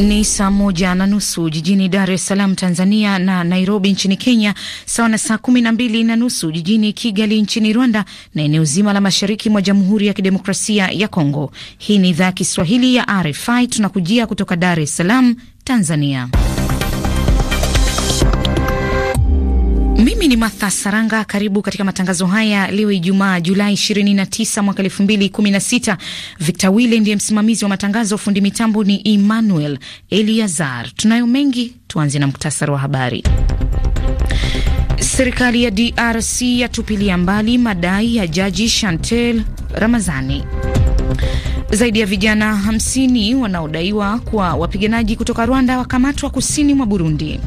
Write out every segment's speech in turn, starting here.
Ni saa moja na nusu jijini Dar es Salaam, Tanzania, na Nairobi nchini Kenya, sawa na saa kumi na mbili na nusu jijini Kigali nchini Rwanda na eneo zima la mashariki mwa Jamhuri ya Kidemokrasia ya Kongo. Hii ni idhaa ya Kiswahili ya RFI, tunakujia kutoka Dar es Salaam, Tanzania. Mimi ni Martha Saranga, karibu katika matangazo haya leo Ijumaa Julai 29 mwaka 2016. Victor Wille ndiye msimamizi wa matangazo, fundi mitambo ni Emmanuel Eliazar. Tunayo mengi, tuanze na muktasari wa habari. Serikali ya DRC yatupilia mbali madai ya jaji Chantel Ramazani. Zaidi ya vijana 50 wanaodaiwa kuwa wapiganaji kutoka Rwanda wakamatwa kusini mwa Burundi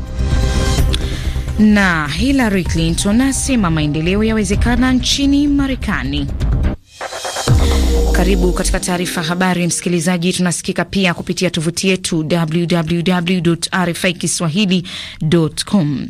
na Hillary Clinton asema maendeleo yawezekana nchini Marekani. Karibu katika taarifa habari, msikilizaji. Tunasikika pia kupitia tovuti yetu www.rfikiswahili.com.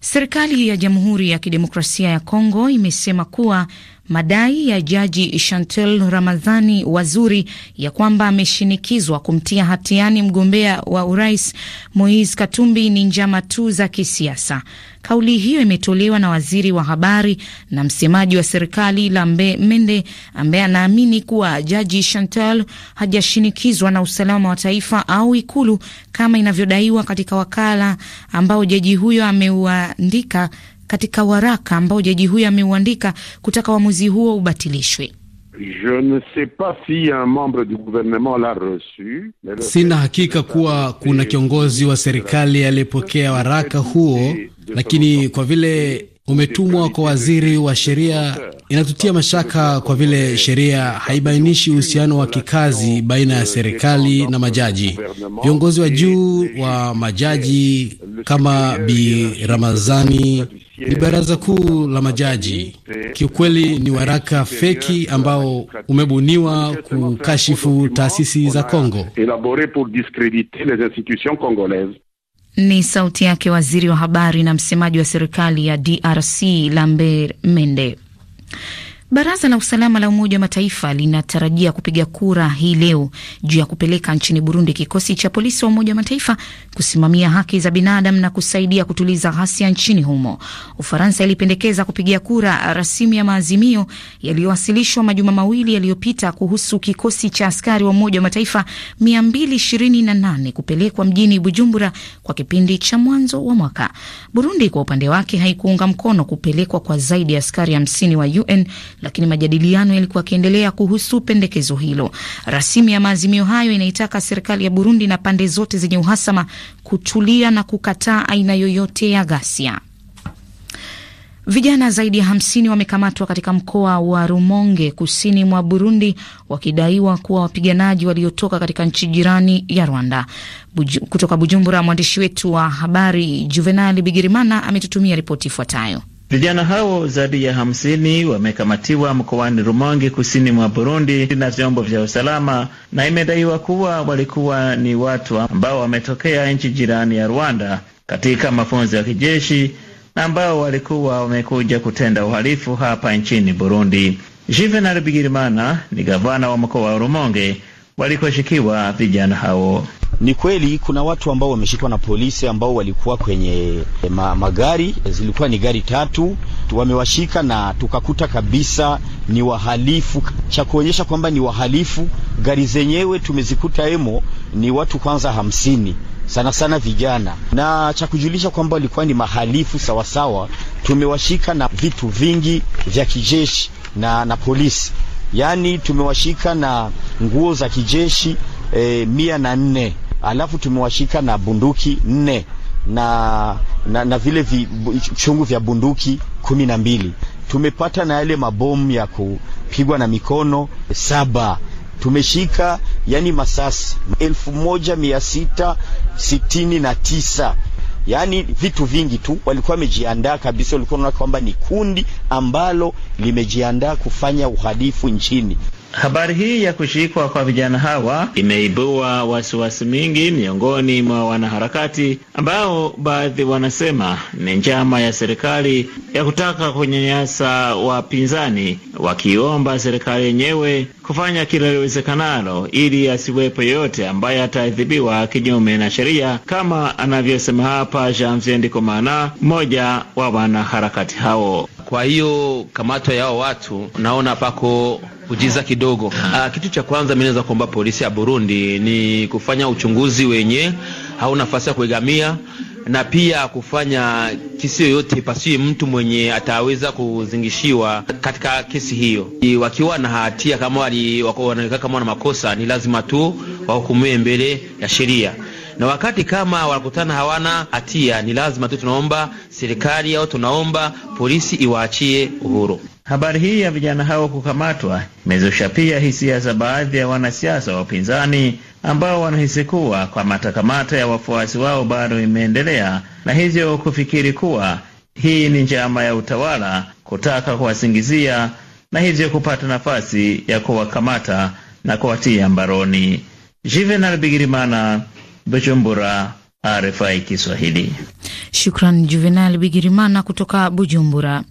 Serikali ya Jamhuri ya Kidemokrasia ya Kongo imesema kuwa madai ya jaji chantel ramadhani wazuri ya kwamba ameshinikizwa kumtia hatiani mgombea wa urais Moise Katumbi ni njama tu za kisiasa. Kauli hiyo imetolewa na waziri wa habari na msemaji wa serikali Lambe Mende, ambaye anaamini kuwa jaji chantel hajashinikizwa na usalama wa taifa au Ikulu kama inavyodaiwa katika wakala ambao jaji huyo ameuandika katika waraka ambao jaji huyo ameuandika kutaka uamuzi huo ubatilishwe. Sina hakika kuwa kuna kiongozi wa serikali aliyepokea waraka huo, lakini kwa vile umetumwa kwa waziri wa sheria, inatutia mashaka kwa vile sheria haibainishi uhusiano wa kikazi baina ya serikali na majaji. Viongozi wa juu wa majaji kama Bi Ramazani ni baraza kuu la majaji. Kiukweli ni waraka feki ambao umebuniwa kukashifu taasisi za Kongo. Ni sauti yake waziri wa habari na msemaji wa serikali ya DRC Lambert Mende. Baraza la usalama la Umoja wa Mataifa linatarajia kupiga kura hii leo juu ya kupeleka nchini Burundi kikosi cha polisi wa Umoja wa Mataifa kusimamia haki za binadamu na kusaidia kutuliza ghasia nchini humo. Ufaransa ilipendekeza kupiga kura rasimu ya maazimio yaliyowasilishwa majuma mawili yaliyopita kuhusu kikosi cha askari wa Umoja wa Mataifa 228 kupelekwa mjini Bujumbura kwa kipindi cha mwanzo wa mwaka. Burundi kwa upande wake haikuunga mkono kupelekwa kwa zaidi ya askari 50 wa UN lakini majadiliano yalikuwa yakiendelea kuhusu pendekezo hilo. Rasimu ya maazimio hayo inaitaka serikali ya Burundi na pande zote zenye uhasama kutulia na kukataa aina yoyote ya ghasia. Vijana zaidi ya hamsini wamekamatwa katika mkoa wa Rumonge kusini mwa Burundi wakidaiwa kuwa wapiganaji waliotoka katika nchi jirani ya Rwanda. Buj kutoka Bujumbura, mwandishi wetu wa habari Juvenali Bigirimana ametutumia ripoti ifuatayo. Vijana hao zaidi ya hamsini wamekamatiwa mkoani Rumonge, kusini mwa Burundi, na vyombo vya usalama, na imedaiwa kuwa walikuwa ni watu ambao wametokea nchi jirani ya Rwanda katika mafunzo ya kijeshi na ambao walikuwa wamekuja kutenda uhalifu hapa nchini Burundi. Juvenal Bigirimana ni gavana wa mkoa wa Rumonge walikoshikiwa vijana hao. Ni kweli kuna watu ambao wameshikwa na polisi ambao walikuwa kwenye eh, ma, magari, zilikuwa ni gari tatu, wamewashika na tukakuta kabisa ni wahalifu. Cha kuonyesha kwamba ni wahalifu, gari zenyewe tumezikuta emo ni watu kwanza hamsini sana sana vijana, na cha kujulisha kwamba walikuwa ni mahalifu sawasawa. Tumewashika na vitu vingi vya kijeshi na, na polisi, yaani tumewashika na nguo za kijeshi e, mia na nne alafu tumewashika na bunduki nne na, na, na vile vi, chungu vya bunduki kumi na mbili. Tumepata na yale mabomu ya kupigwa na mikono saba tumeshika yani masasi elfu moja mia sita sitini na tisa yani vitu vingi tu. Walikuwa wamejiandaa kabisa, walikuwa naona kwamba ni kundi ambalo limejiandaa kufanya uhalifu nchini. Habari hii ya kushikwa kwa vijana hawa imeibua wasiwasi mingi miongoni mwa wanaharakati ambao baadhi wanasema ni njama ya serikali ya kutaka kunyanyasa wapinzani, wakiomba serikali yenyewe kufanya kila liwezekanalo ili asiwepo yoyote ambaye ataadhibiwa kinyume na sheria, kama anavyosema hapa Janvier Ndikumana, mmoja wa wanaharakati hao. Kwa hiyo kamato yao watu naona pako ujiza kidogo. Aa, ah, kitu cha kwanza mimi naweza kuomba polisi ya Burundi ni kufanya uchunguzi wenye au nafasi ya kuegamia na pia kufanya kesi yoyote pasiwe mtu mwenye ataweza kuzingishiwa katika kesi hiyo. Wakiwa na hatia kama wanaweka kama wana makosa, ni lazima tu wahukumiwe mbele ya sheria, na wakati kama wanakutana hawana hatia, ni lazima tu tunaomba serikali au tunaomba polisi iwaachie uhuru. Habari hii ya vijana hao kukamatwa imezusha pia hisia za baadhi ya wanasiasa wa upinzani ambao wanahisi kuwa kwa matakamata ya wafuasi wao bado imeendelea na hivyo kufikiri kuwa hii ni njama ya utawala kutaka kuwasingizia na hivyo kupata nafasi ya kuwakamata na kuwatia mbaroni. Juvenal Bigirimana, Bujumbura. RFI Kiswahili. Shukran Juvenal Bigirimana kutoka Bujumbura.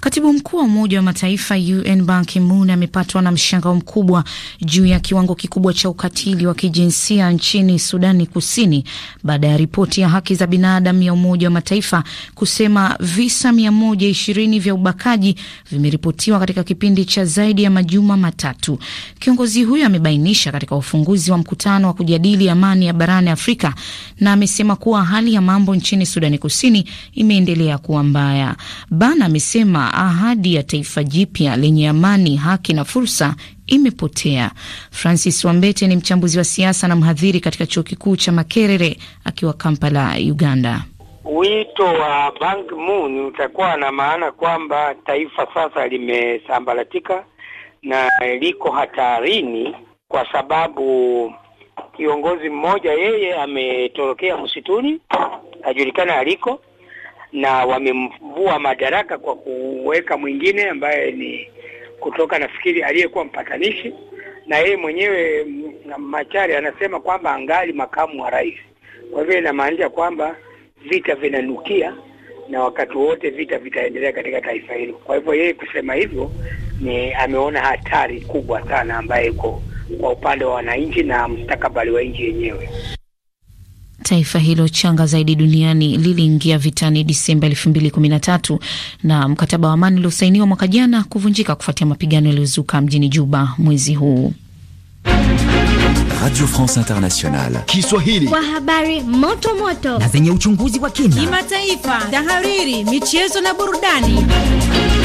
Katibu mkuu wa Umoja wa Mataifa UN Ban Ki-moon amepatwa na mshangao mkubwa juu ya kiwango kikubwa cha ukatili wa kijinsia nchini Sudani Kusini baada ya ripoti ya haki za binadamu ya Umoja wa Mataifa kusema visa 120 vya ubakaji vimeripotiwa katika kipindi cha zaidi ya majuma matatu. Kiongozi huyo amebainisha katika ufunguzi wa mkutano wa kujadili amani ya barani Afrika na amesema amesema kuwa hali ya mambo nchini Sudani Kusini imeendelea kuwa mbaya. Ban amesema ahadi ya taifa jipya lenye amani, haki na fursa imepotea. Francis Wambete ni mchambuzi wa siasa na mhadhiri katika chuo kikuu cha Makerere akiwa Kampala, Uganda. Wito wa Ban Ki-moon utakuwa na maana kwamba taifa sasa limesambaratika na liko hatarini kwa sababu kiongozi mmoja yeye ametorokea msituni, hajulikana aliko, na wamemvua madaraka kwa kuweka mwingine ambaye ni kutoka nafikiri aliyekuwa mpatanishi, na yeye mwenyewe Machari anasema kwamba angali makamu wa rais. Kwa hivyo inamaanisha kwamba vita vinanukia na wakati wote vita vitaendelea katika taifa hilo. Kwa hivyo yeye kusema hivyo ni ameona hatari kubwa sana ambayo iko kwa upande wa wananchi na mustakabali wa nchi yenyewe. Taifa hilo changa zaidi duniani liliingia vitani Disemba elfu mbili kumi na tatu na mkataba wa amani uliosainiwa mwaka jana kuvunjika kufuatia mapigano yaliyozuka mjini Juba mwezi huu. Radio France Internationale Kiswahili kwa habari moto moto na zenye uchunguzi wa kina, kimataifa, tahariri, michezo na burudani.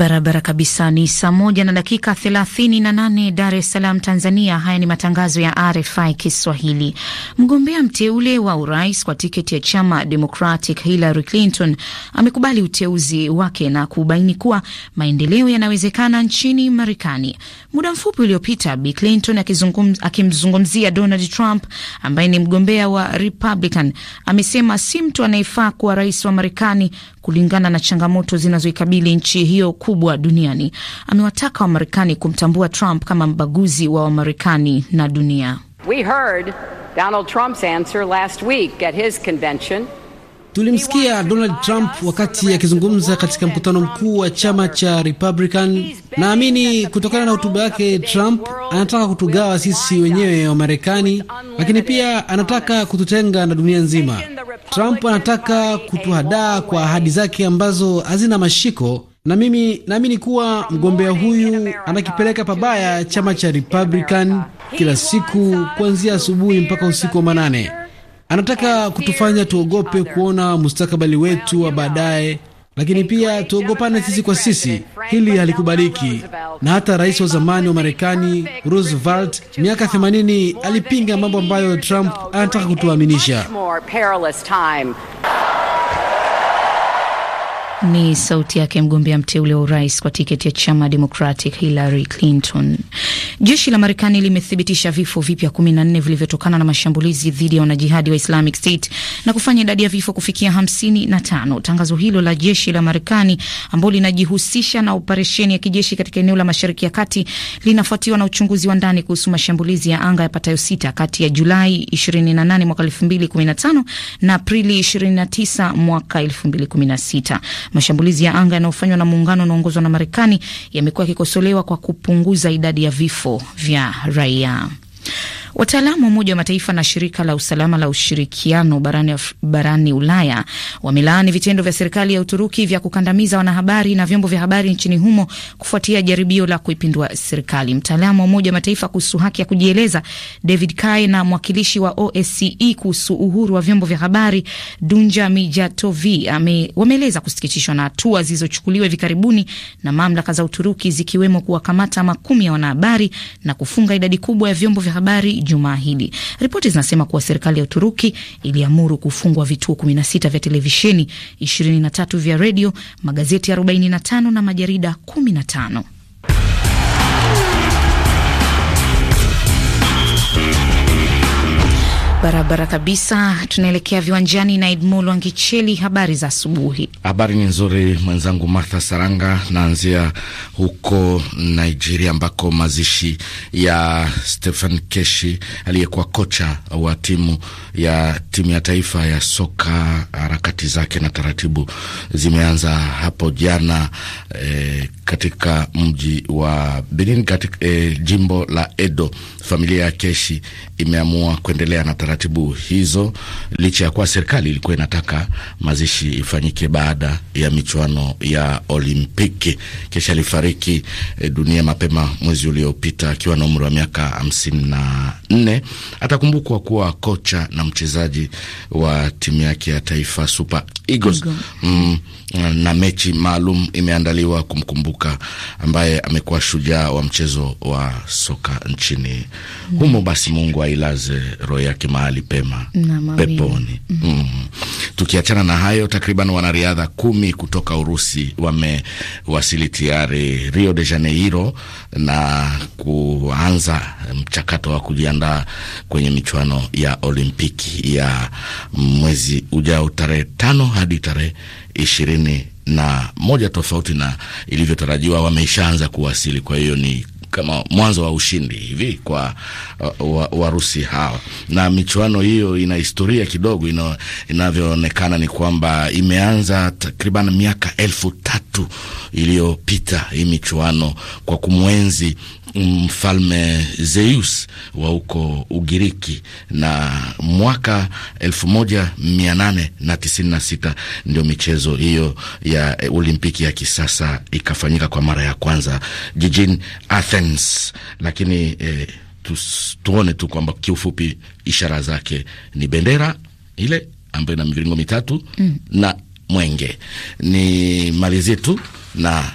Barabara kabisa. Ni saa moja na dakika thelathini na nane Dar es Salaam, Tanzania. Haya ni matangazo ya RFI Kiswahili. Mgombea mteule wa urais kwa tiketi ya chama Democratic Hillary Clinton amekubali uteuzi wake na kubaini kuwa maendeleo yanawezekana nchini Marekani. Muda mfupi uliopita, Bi Clinton akimzungumzia Donald Trump ambaye ni mgombea wa Republican amesema si mtu anayefaa kuwa rais wa Marekani kulingana na changamoto zinazoikabili nchi hiyo kubwa duniani amewataka Wamarekani kumtambua Trump kama mbaguzi wa Wamarekani na dunia. We heard Donald Trump's answer last week at his convention. Tulimsikia Donald Trump wakati akizungumza katika mkutano mkuu wa chama cha Republican. Naamini kutokana na hotuba yake, Trump anataka kutugawa sisi wenyewe wa Marekani, lakini pia anataka kututenga na dunia nzima. Trump anataka kutuhadaa kwa ahadi zake ambazo hazina mashiko na mimi naamini kuwa mgombea huyu anakipeleka pabaya chama cha Republican. Kila siku kuanzia asubuhi mpaka usiku wa manane, anataka kutufanya tuogope kuona mustakabali wetu wa baadaye, lakini pia tuogopane sisi kwa sisi. Hili halikubaliki, na hata rais wa zamani wa Marekani Roosevelt miaka 80 alipinga mambo ambayo Trump anataka kutuaminisha. Ni sauti yake mgombea mteule wa urais kwa tiketi ya chama Democratic Hillary Clinton. Jeshi la Marekani limethibitisha vifo vipya 14 vilivyotokana na mashambulizi dhidi ya wanajihadi wa Islamic State na kufanya idadi ya vifo kufikia 55. Tangazo hilo la jeshi la Marekani ambalo linajihusisha na operesheni ya kijeshi katika eneo la Mashariki ya Kati linafuatiwa na uchunguzi wa ndani kuhusu mashambulizi ya anga yapatayo sita kati ya Julai 28 mwaka 2015 na Aprili 29 mwaka 2016. Mashambulizi ya anga yanayofanywa na muungano unaoongozwa na Marekani yamekuwa yakikosolewa kwa kupunguza idadi ya vifo vya raia. Wataalamu wa Umoja wa Mataifa na shirika la usalama la ushirikiano barani, barani Ulaya wamelaani vitendo vya serikali ya Uturuki vya kukandamiza wanahabari na vyombo vya habari nchini humo kufuatia jaribio la kuipindua serikali. Mtaalamu wa Umoja wa Mataifa kuhusu haki ya kujieleza David Kaye na mwakilishi wa OSCE kuhusu uhuru wa vyombo vya habari Dunja Mijatovi wameeleza kusikitishwa na hatua zilizochukuliwa hivi karibuni na mamlaka za Uturuki zikiwemo kuwakamata makumi ya wanahabari na kufunga idadi kubwa ya vyombo vya habari Jumaa hili. Ripoti zinasema kuwa serikali ya Uturuki iliamuru kufungwa vituo 16 vya televisheni, 23 vya redio, magazeti 45 na majarida 15. Barabara kabisa, tunaelekea viwanjani na Edmul Wangicheli. Habari za asubuhi. Habari ni nzuri mwenzangu Martha Saranga. Naanzia huko Nigeria ambako mazishi ya Stephen Keshi aliyekuwa kocha wa timu ya timu ya taifa ya soka, harakati zake na taratibu zimeanza hapo jana eh, katika mji wa Benin katika e, jimbo la Edo. Familia ya Keshi imeamua kuendelea na taratibu hizo licha ya kuwa serikali ilikuwa inataka mazishi ifanyike baada ya michuano ya Olimpiki. Keshi alifariki e, dunia mapema mwezi uliopita akiwa na umri wa miaka hamsini na nne. Atakumbukwa kuwa kocha na mchezaji wa timu yake ya taifa Super Eagles. Mm, na mechi maalum imeandaliwa kumkumbuka Luka ambaye amekuwa shujaa wa mchezo wa soka nchini mm. humo. Basi Mungu ailaze roho yake mahali pema peponi. mm. mm. Tukiachana na hayo, takriban wanariadha kumi kutoka Urusi wamewasili tayari Rio de Janeiro na kuanza mchakato wa kujiandaa kwenye michuano ya Olimpiki ya mwezi ujao tarehe tano hadi tarehe ishirini na moja tofauti na ilivyotarajiwa wameshaanza kuwasili. Kwa hiyo ni kama mwanzo wa ushindi hivi kwa uh, Warusi Warusi wa hawa, na michuano hiyo ina historia kidogo. Inavyoonekana ni kwamba imeanza takriban miaka elfu tatu iliyopita hii michuano kwa kumwenzi mfalme Zeus wa huko Ugiriki, na mwaka elfu moja mia nane na tisini na sita ndio michezo hiyo ya eh, Olimpiki ya kisasa ikafanyika kwa mara ya kwanza jijini Athens, lakini eh, tuone tu kwamba kiufupi ishara zake ni bendera ile ambayo ina miviringo mitatu mm, na mwenge. Nimalizie tu na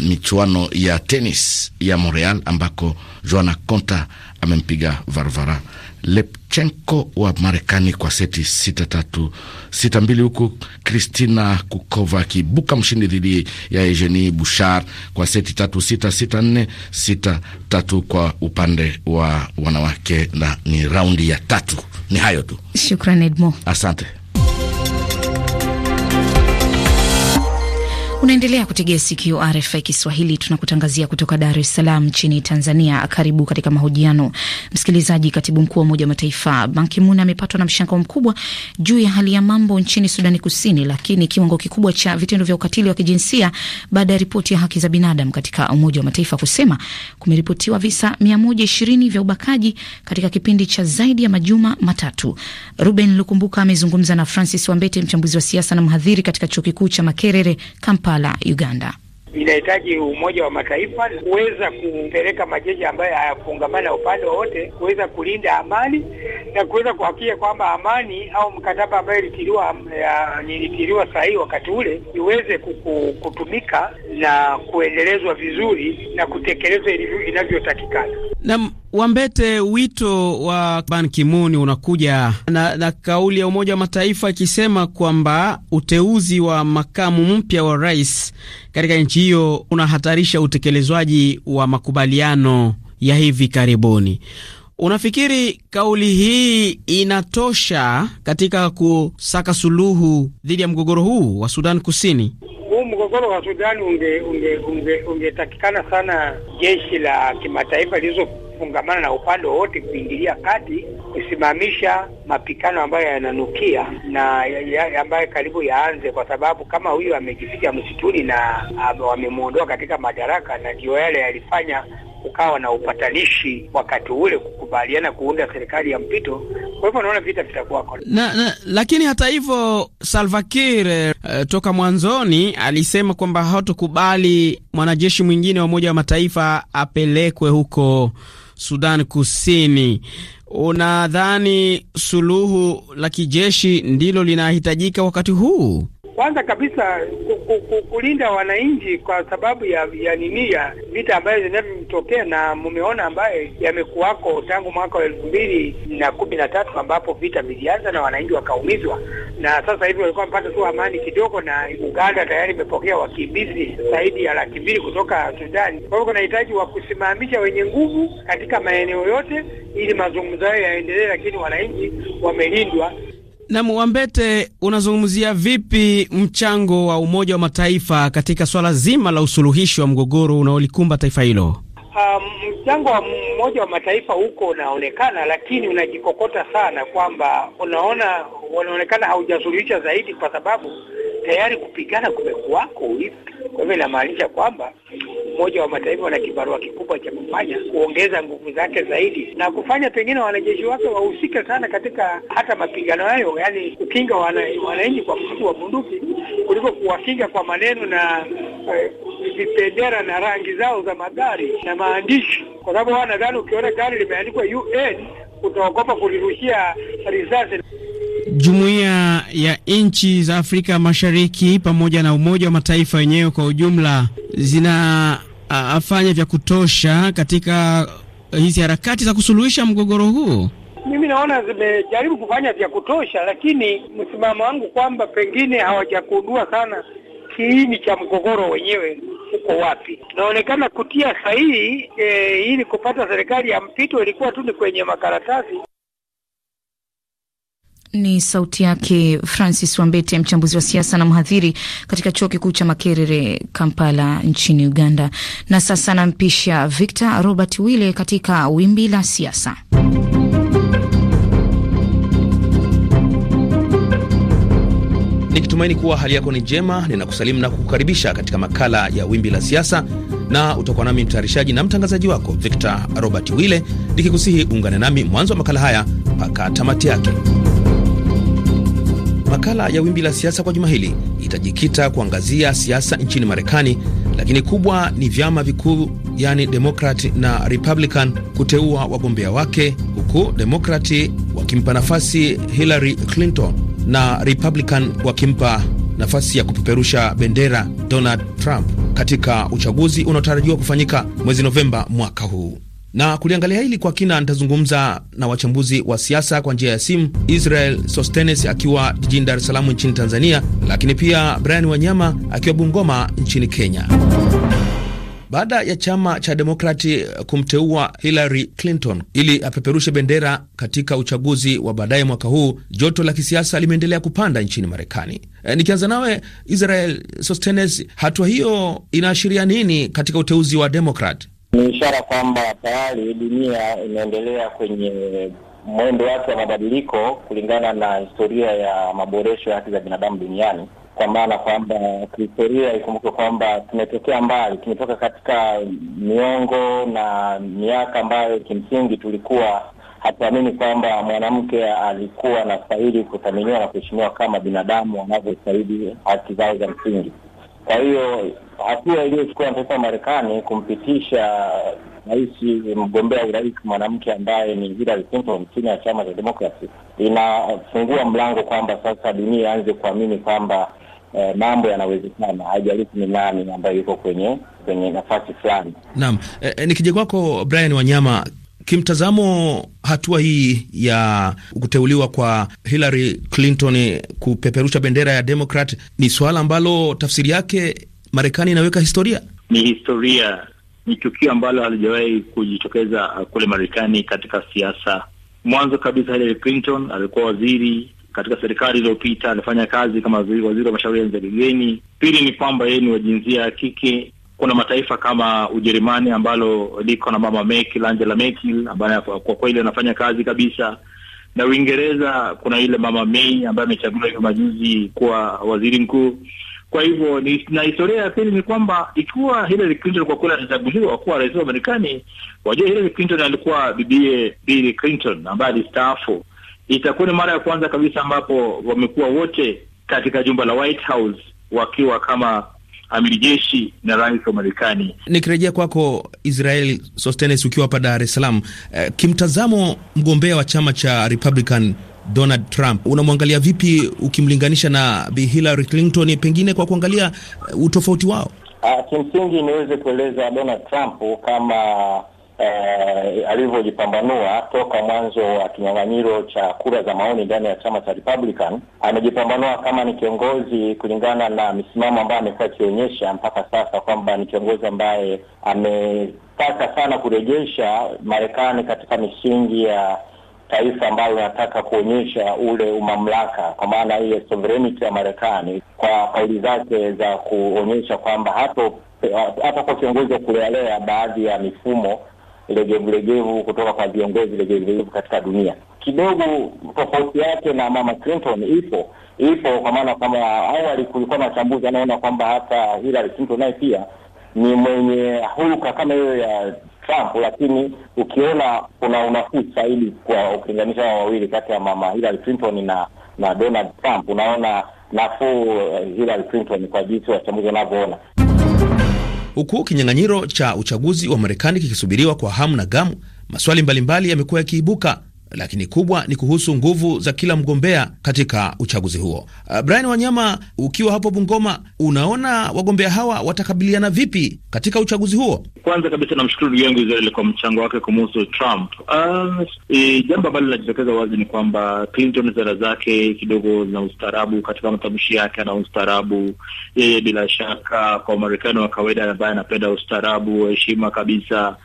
michuano ya tenis ya Montreal ambako Joanna Konta amempiga Varvara Lepchenko wa Marekani kwa seti sita tatu sita mbili, huku Kristina Kukova akibuka mshindi dhidi ya Eugenie Bouchard kwa seti tatu sita sita nne sita tatu kwa upande wa wanawake, na ni raundi ya tatu. Ni hayo tu, shukran Edmo, asante. Unaendelea kutegea sikio RFI Kiswahili, tunakutangazia kutoka Dar es Salaam nchini Tanzania. Karibu katika mahojiano msikilizaji. Katibu mkuu wa Umoja wa Mataifa Ban Ki-moon amepatwa na mshangao mkubwa juu ya hali ya mambo nchini Sudani Kusini, lakini kiwango kikubwa cha vitendo vya ukatili wa kijinsia baada ya ripoti ya haki za binadamu katika Umoja wa Mataifa kusema kumeripotiwa visa 120 vya ubakaji katika kipindi cha zaidi ya majuma matatu. Ruben Lukumbuka amezungumza na Francis Wambete, mchambuzi wa siasa na mhadhiri katika chuo kikuu cha Makerere, Kampala. Kampala, Uganda. Inahitaji Umoja wa Mataifa kuweza kupeleka majeshi ambayo hayafungamana upande wowote kuweza kulinda amani na kuweza kuhakikisha kwamba amani au mkataba ambayo ilitiliwa ilitiliwa sahihi wakati ule iweze kutumika na kuendelezwa vizuri na kutekelezwa inavyotakikana. Wambete, wito wa Ban Ki-moon unakuja na, na kauli ya Umoja wa Mataifa ikisema kwamba uteuzi wa makamu mpya wa rais katika nchi hiyo unahatarisha utekelezwaji wa makubaliano ya hivi karibuni. Unafikiri kauli hii inatosha katika kusaka suluhu dhidi ya mgogoro huu wa Sudan Kusini? Huu mgogoro wa Sudani ungetakikana unge, unge, unge sana jeshi la kimataifa lilizo kufungamana na upande wowote, kuingilia kati, kusimamisha mapikano ambayo yananukia na ya, ya ambayo karibu yaanze, kwa sababu kama huyu amejificha msituni na wamemwondoa katika madaraka, na ndio yale yalifanya ukawa na upatanishi wakati ule kukubaliana kuunda serikali ya mpito. Kwa hivyo naona vita vitakuwako na, na, lakini hata hivyo Salva Kiir eh, toka mwanzoni alisema kwamba hatokubali mwanajeshi mwingine wa Umoja wa Mataifa apelekwe huko Sudan Kusini. Unadhani suluhu la kijeshi ndilo linahitajika wakati huu? Kwanza kabisa kulinda wananchi kwa sababu ya ya nini ya vita ambayo zinavyotokea na mumeona ambaye yamekuwako tangu mwaka wa elfu mbili na kumi na tatu ambapo vita vilianza na wananchi wakaumizwa, na sasa hivi walikuwa wamepata tu amani kidogo, na Uganda tayari imepokea wakimbizi zaidi ya laki mbili kutoka Sudani. Kwa hivyo kunahitaji wa kusimamisha wenye nguvu katika maeneo yote ili mazungumzo hayo yaendelee, lakini wananchi wamelindwa na Mwambete, unazungumzia vipi mchango wa Umoja wa Mataifa katika swala zima la usuluhishi wa mgogoro unaolikumba taifa hilo? Um, mchango wa Umoja wa Mataifa huko unaonekana, lakini unajikokota sana, kwamba unaona unaonekana haujasuluhisha zaidi, kwa sababu tayari kupigana kumekuwako ulipi. Kwa hivyo inamaanisha kwamba Umoja wa Mataifa wana kibarua kikubwa cha kufanya, kuongeza nguvu zake zaidi na kufanya pengine wanajeshi wake wahusike sana katika hata mapigano hayo, yaani kukinga wananchi kwa mtutu wa bunduki kuliko kuwakinga kwa maneno na eh, vipendera na rangi zao za magari na maandishi, kwa sababu nadhani ukiona gari limeandikwa UN utaogopa kulirushia risasi jumuiya ya nchi za Afrika Mashariki pamoja na Umoja wa Mataifa wenyewe kwa ujumla zinafanya vya kutosha katika hizi harakati za kusuluhisha mgogoro huu? Mimi naona zimejaribu kufanya vya kutosha, lakini msimamo wangu kwamba pengine hawajakundua sana kiini cha mgogoro wenyewe uko wapi. Inaonekana kutia sahihi e, ili kupata serikali ya mpito ilikuwa tu ni kwenye makaratasi. Ni sauti yake Francis Wambete, mchambuzi wa siasa na mhadhiri katika chuo kikuu cha Makerere, Kampala, nchini Uganda. Na sasa nampisha Victor Robert Wille katika wimbi la siasa. Nikitumaini kuwa hali yako ni njema, ninakusalimu na kukukaribisha katika makala ya wimbi la siasa, na utakuwa nami mtayarishaji na mtangazaji wako Victor Robert Wille, nikikusihi uungane nami mwanzo wa makala haya mpaka tamati yake. Makala ya Wimbi la Siasa kwa juma hili itajikita kuangazia siasa nchini Marekani, lakini kubwa ni vyama vikuu, yani Demokrat na Republican kuteua wagombea wake, huku Demokrati wakimpa nafasi Hillary Clinton na Republican wakimpa nafasi ya kupeperusha bendera Donald Trump katika uchaguzi unaotarajiwa kufanyika mwezi Novemba mwaka huu. Na kuliangalia hili kwa kina, nitazungumza na wachambuzi wa siasa kwa njia ya simu, Israel Sostenes akiwa jijini Dar es Salaam nchini Tanzania, lakini pia Brian Wanyama akiwa Bungoma nchini Kenya. Baada ya chama cha Demokrati kumteua Hillary Clinton ili apeperushe bendera katika uchaguzi wa baadaye mwaka huu, joto la kisiasa limeendelea kupanda nchini Marekani. E, nikianza nawe Israel Sostenes, hatua hiyo inaashiria nini katika uteuzi wa Demokrat? ni ishara kwamba tayari dunia imeendelea kwenye mwendo wake wa mabadiliko kulingana na historia ya maboresho ya haki za binadamu duniani, kwa maana kwamba kihistoria, ikumbuke kwamba tumetokea mbali, tumetoka katika miongo na miaka ambayo kimsingi tulikuwa hatuamini kwamba mwanamke alikuwa anastahili kuthaminiwa na kuheshimiwa kama binadamu wanavyostahili haki zao za msingi. Kwa hiyo hatua iliyochukua sasa Marekani kumpitisha rais mgombea urais mwanamke ambaye ni Hillary Clinton chini ya chama cha Demokrasi inafungua mlango kwamba sasa dunia ianze kuamini kwamba eh, mambo yanawezekana, haijalishi ni nani ambaye yuko kwenye kwenye nafasi fulani. Naam. Eh, eh, nikija kwako Brian Wanyama, kimtazamo, hatua hii ya kuteuliwa kwa Hillary Clinton kupeperusha bendera ya demokrat ni swala ambalo tafsiri yake Marekani inaweka historia. Ni historia, ni tukio ambalo halijawahi kujitokeza kule Marekani katika siasa. Mwanzo kabisa Hillary Clinton alikuwa waziri katika serikali iliyopita, alifanya kazi kama waziri wa mashauri ya nchi za kigeni. Pili ni kwamba yeye ni wa jinsia ya kike. Kuna mataifa kama Ujerumani ambalo liko na mama Merkel, Angela Merkel ambaye kwa kweli anafanya kazi kabisa na Uingereza kuna yule mama May ambaye amechaguliwa hivi majuzi kuwa waziri mkuu. Kwa hivyo ni, na historia ya pili ni kwamba ikiwa Hillary Clinton kwa kweli atachaguliwa kuwa rais wa Marekani, wajua Hillary Clinton alikuwa bibie Bill Clinton ambaye alistaafu. Itakuwa ni mara ya kwanza kabisa ambapo wamekuwa wote katika jumba la White House wakiwa kama amiri jeshi na rais wa Marekani. Nikirejea kwako Israel Sostenes, ukiwa hapa Dar es Salaam, eh, kimtazamo mgombea wa chama cha Republican Donald Trump unamwangalia vipi ukimlinganisha na Bi Hillary Clinton, pengine kwa kuangalia uh, utofauti wao? Uh, kimsingi niweze kueleza Donald Trump kama uh, alivyojipambanua toka mwanzo wa kinyang'anyiro cha kura za maoni ndani ya chama cha Republican. Amejipambanua kama ni kiongozi kulingana na misimamo ambayo amekuwa akionyesha mpaka sasa, kwamba ni kiongozi ambaye ametaka sana kurejesha Marekani katika misingi ya taifa ambayo inataka kuonyesha ule umamlaka kwa maana ile sovereignty ya Marekani kwa kauli zake za kuonyesha kwamba hapo hata kwa kiongozi wa kulealea baadhi ya mifumo legevu legevu kutoka kwa viongozi legevu legevu katika dunia. Kidogo tofauti yake na mama Clinton ipo ipo, kwa maana kama awali kulikuwa na wachambuzi anaona kwamba hata Hillary Clinton naye pia ni mwenye hulka kama hiyo ya safu, lakini ukiona kuna unafuu zaidi kwa ukilinganisha wawili kati ya mama Hillary Clinton na na Donald Trump, unaona nafuu eh, Hillary Clinton kwa jinsi wachambuzi wanavyoona. Huku kinyang'anyiro cha uchaguzi wa Marekani kikisubiriwa kwa hamu na gamu, maswali mbalimbali yamekuwa yakiibuka lakini kubwa ni kuhusu nguvu za kila mgombea katika uchaguzi huo. Uh, Brian Wanyama, ukiwa hapo Bungoma, unaona wagombea hawa watakabiliana vipi katika uchaguzi huo? Kwanza kabisa namshukuru ndugu yangu Israeli kwa mchango wake kumuhusu Trump. Uh, e, jambo ambalo linajitokeza wazi ni kwamba Clinton sera zake kidogo zina ustaarabu katika matamshi yake, ana ustaarabu yeye, bila shaka kwa Marekani wa kawaida ambaye anapenda ustaarabu, heshima kabisa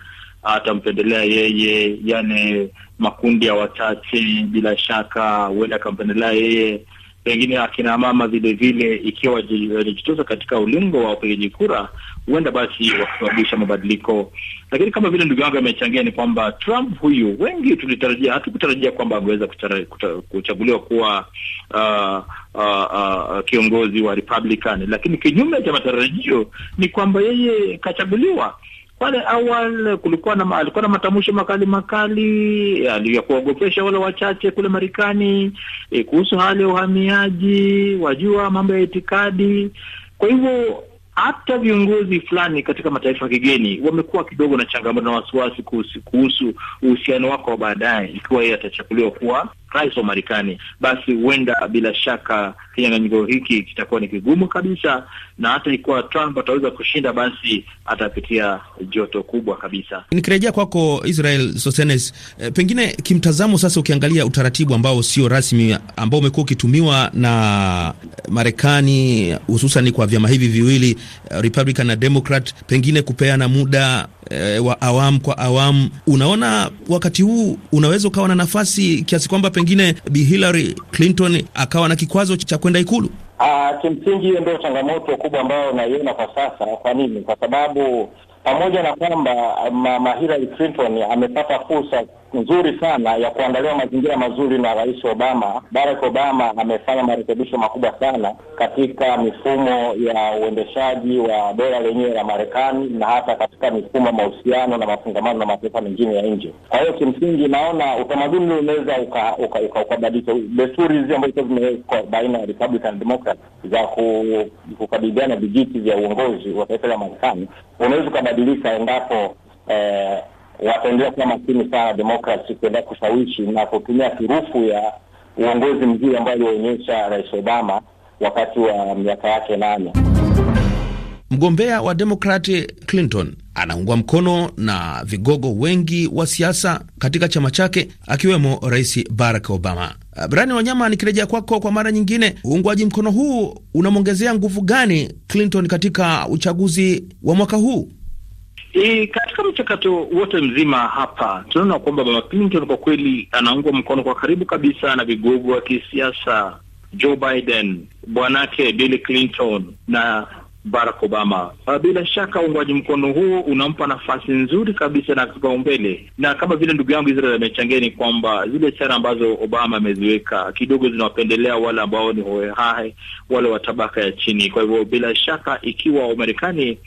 atampendelea yeye, yani makundi ya wachache, bila shaka huenda akampendelea yeye, pengine akina mama vile vile, ikiwa wajijitoza katika ulingo wa upigaji kura, huenda basi wakasababisha mabadiliko. Lakini kama vile ndugu yangu amechangia, ni kwamba Trump huyu, wengi tulitarajia, hatukutarajia kwamba angeweza kuchaguliwa kuwa uh, uh, uh, kiongozi wa Republican, lakini kinyume cha matarajio ni kwamba yeye kachaguliwa pale awali kulikuwa na alikuwa na matamshi makali makali ya kuogopesha wale wachache kule Marekani e, kuhusu hali ya uhamiaji, wajua mambo ya itikadi. Kwa hivyo hata viongozi fulani katika mataifa kigeni wamekuwa kidogo na changamoto na wasiwasi kuhusu uhusiano wako wa baadaye, ikiwa yeye atachakuliwa kuwa rais wa Marekani, basi huenda bila shaka kinyang'anyiro hiki kitakuwa ni kigumu kabisa, na hata ikiwa Trump ataweza kushinda, basi atapitia joto kubwa kabisa. Nikirejea kwako Israel Sosenes, e, pengine kimtazamo sasa, ukiangalia utaratibu ambao sio rasmi ambao umekuwa ukitumiwa na Marekani hususan kwa vyama hivi viwili eh, Republican na Democrat, pengine kupeana muda e, wa awamu kwa awamu, unaona wakati huu unaweza ukawa na nafasi kiasi kwamba pengine Bi Hillary Clinton akawa na kikwazo cha kwenda Ikulu? Uh, kimsingi hiyo ndio changamoto kubwa ambayo naiona kwa sasa. Kwa nini? Kwa sababu pamoja na kwamba mama Hillary Clinton amepata fursa nzuri sana ya kuangalia mazingira mazuri, na Rais Obama, Barack Obama amefanya marekebisho makubwa sana katika mifumo ya uendeshaji wa dola lenyewe la Marekani na hata katika mifumo ya mahusiano na mafungamano na mataifa mengine ya nje. Kwa hiyo kimsingi, naona utamaduni unaweza ukabadilika, desturi hizi ambazo zimewekwa baina ya Republican Democrat za kukabiliana vijiti vya uongozi wa taifa la Marekani unaweza ukabadilika endapo eh, wataendelea kuwa makini sana demokrasi kuendelea kushawishi na kutumia turufu ya uongozi mzuri ambayo alionyesha Rais Obama wakati wa miaka yake nane. Mgombea wa Demokrati Clinton anaungwa mkono na vigogo wengi wa siasa katika chama chake akiwemo Rais Barack Obama. Brani Wanyama, nikirejea kwako kwa mara nyingine, uungwaji mkono huu unamwongezea nguvu gani Clinton katika uchaguzi wa mwaka huu? E, katika mchakato wote mzima hapa tunaona kwamba Baba Clinton kwa kweli anaungwa mkono kwa karibu kabisa na vigogo wa kisiasa Joe Biden, bwanake Bill Clinton na Barack Obama. Ah, bila shaka uungwaji mkono huo unampa nafasi nzuri kabisa na kipaumbele, na kama vile ndugu yangu Israel amechangia, ni kwamba zile sera ambazo Obama ameziweka kidogo zinawapendelea wale ambao ni hohehahe, wale wa tabaka ya chini. Kwa hivyo bila shaka ikiwa Wamarekani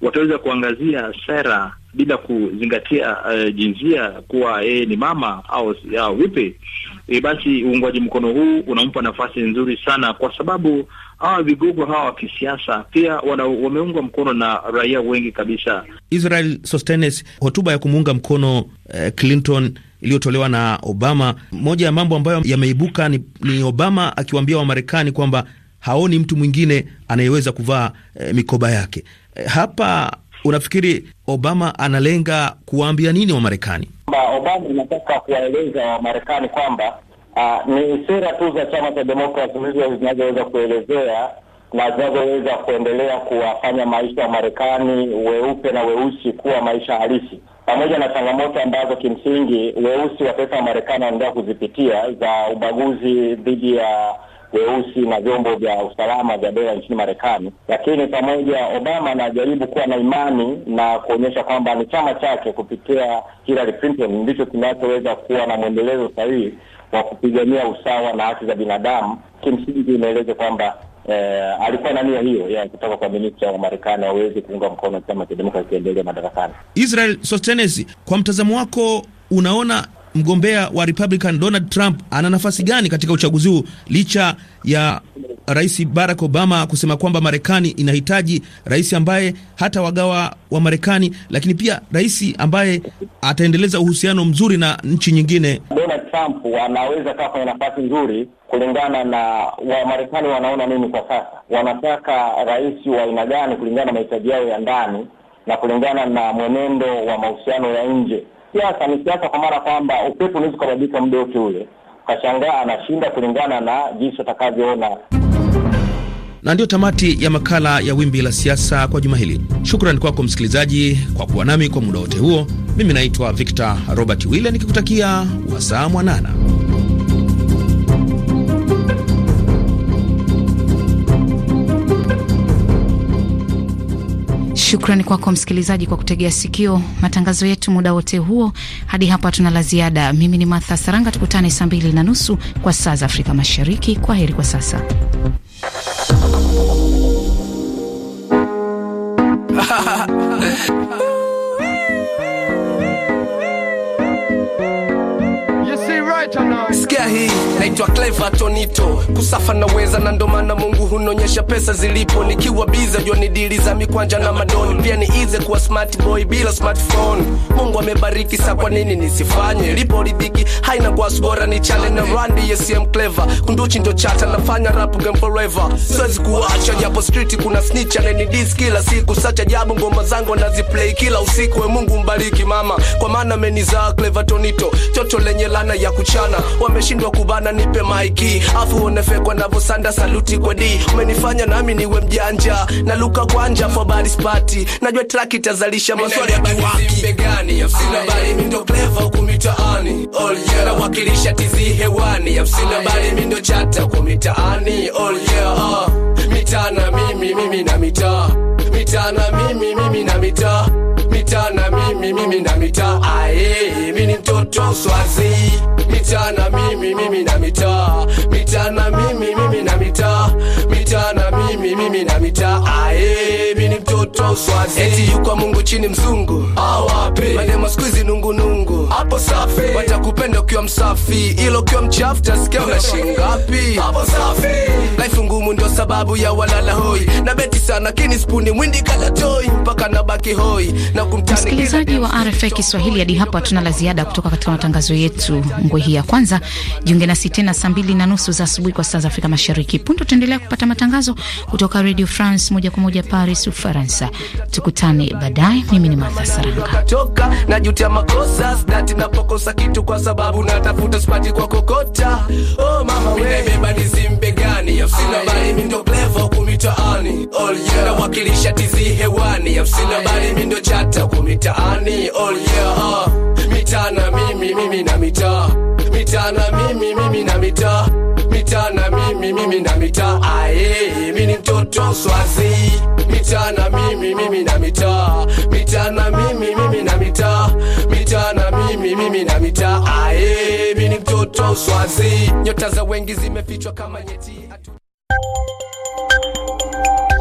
wataweza kuangazia sera bila kuzingatia uh, jinsia kuwa yeye ni mama au ya, vipi? E, basi uungwaji mkono huu unampa nafasi nzuri sana, kwa sababu hawa vigogo hawa wa kisiasa pia wana, wameungwa mkono na raia wengi kabisa. Israel Sostenes, hotuba ya kumuunga mkono uh, Clinton iliyotolewa na Obama, moja ya mambo ambayo yameibuka ni, ni Obama akiwaambia Wamarekani kwamba haoni mtu mwingine anayeweza kuvaa eh, mikoba yake hapa unafikiri Obama analenga kuwaambia nini Wamarekani? Obama anataka kuwaeleza Wamarekani kwamba uh, ni sera tu za chama cha demokrasi hizo zinazoweza kuelezea na zinazoweza kuendelea kuwafanya maisha ya Marekani weupe na weusi kuwa maisha halisi, pamoja na changamoto ambazo kimsingi weusi wa pesa wa Marekani wanaendelea kuzipitia za ubaguzi dhidi ya weusi na vyombo vya usalama vya dola nchini Marekani, lakini pamoja, Obama anajaribu kuwa na imani na kuonyesha kwamba ni chama chake kupitia Hillary Clinton ndicho kinachoweza kuwa na mwendelezo sahihi wa kupigania usawa na haki za binadamu. Kimsingi inaeleza kwamba Eh, alikuwa na nia hiyo ya kutoka kwa minista wa Marekani aweze kuunga mkono chama cha demokrasi kiendelee madarakani. Israel Sostenes, kwa mtazamo wako, unaona mgombea wa Republican Donald Trump ana nafasi gani katika uchaguzi huu licha ya Rais Barack Obama kusema kwamba Marekani inahitaji rais ambaye hata wagawa wa Marekani, lakini pia rais ambaye ataendeleza uhusiano mzuri na nchi nyingine. Donald Trump anaweza kaa kwenye nafasi nzuri kulingana na Wamarekani wanaona nini kwa sasa, wanataka rais wa aina gani kulingana na mahitaji yao ya ndani na kulingana na mwenendo wa mahusiano ya nje siasa ni siasa, kwa maana kwamba upepo unaweza kubadilika muda wote ule, ukashangaa anashinda kulingana na jinsi atakavyoona. Na ndiyo tamati ya makala ya Wimbi la Siasa kwa juma hili. Shukrani kwako msikilizaji kwa kuwa nami kwa muda wote huo. Mimi naitwa Victor Robert Wille nikikutakia wasaa mwanana. Shukrani kwako msikilizaji kwa kutegea sikio matangazo yetu muda wote huo. Hadi hapa tuna la ziada. Mimi ni Martha Saranga, tukutane saa mbili na nusu kwa saa za Afrika Mashariki. Kwa heri kwa sasa. Sikia hii naitwa Clever Tonito, kusafa na weza na ndomana Mungu hunonyesha pesa zilipo, nikiwa biza jua ni dili za mikwanja na madoni, pia ni ize kuwa smart boy bila smartphone. Mungu amebariki, sa kwa nini nisifanye? lipo ridhiki haina gwas, bora ni chale na randi yesiem Clever kunduchi ndo chata, nafanya rap game forever, siwezi kuacha japo street kuna snitch anenidis kila siku, sacha jabu ngoma zangu naziplay kila usiku. We Mungu mbariki mama, kwa maana amenizaa Clever Tonito toto lenye lana ya kuchana wameshindwa kubana nipe maiki afu unefekwa navosanda saluti kwa d umenifanya nami niwe mjanja na luka kwanja for fobari party najua track itazalisha maswali ya kiwakibegani sina bali mindo kleva huku mitaani ah. na wakilisha tizi hewani sina bali mindo chata huku mitaani yeah. mitana mimi mimi na mitaa mitana mimi mimi na mitaa mita na mimi mimi na mita ae mimi ni mtoto swazi mita na mimi mimi na mita mita na mimi mimi na mita mita na mimi mimi na mita ae eti yuko Mungu chini mzungu awapi maneno nungu nungu, hapo safi watakupenda ukiwa msafi ilo ukiwa mchafu tasikia una shingapi hapo safi life ngumu ndio sababu ya walala hoi na beti sana kini spuni mwindi kalatoi mpaka baki hoi na kumtani msikilizaji wa RFI Kiswahili hadi hapa hatuna la ziada kutoka katika matangazo yetu ngwe hii ya kwanza jiunge nasi tena saa mbili na nusu za asubuhi kwa saa za Afrika Mashariki punde tutaendelea kupata matangazo kutoka Radio France moja kwa moja Paris Ufaransa Tukutane baadaye. Mimi ni Martha Saranga. Najutia makosa sdati, napokosa kitu kwa sababu natafuta spati kwa kokota. Oh mama we, beba nizimbe gani ya usina bali, mindo plevo kumitaani. Oh yeah, na wakilisha tizi hewani ya usina bali, mindo chata kumitaani. Oh yeah, uh, ah, mitana mimi, mimi na mita, mitana mimi, mimi na mita mita na mimi mimi na mita aye mimi ni mtoto swazi mita na mimi mimi na mita mita na mimi mimi na mita mita na mimi mimi na mita aye mimi ni mtoto swazi nyota za wengi zimefichwa kama nyeti atu...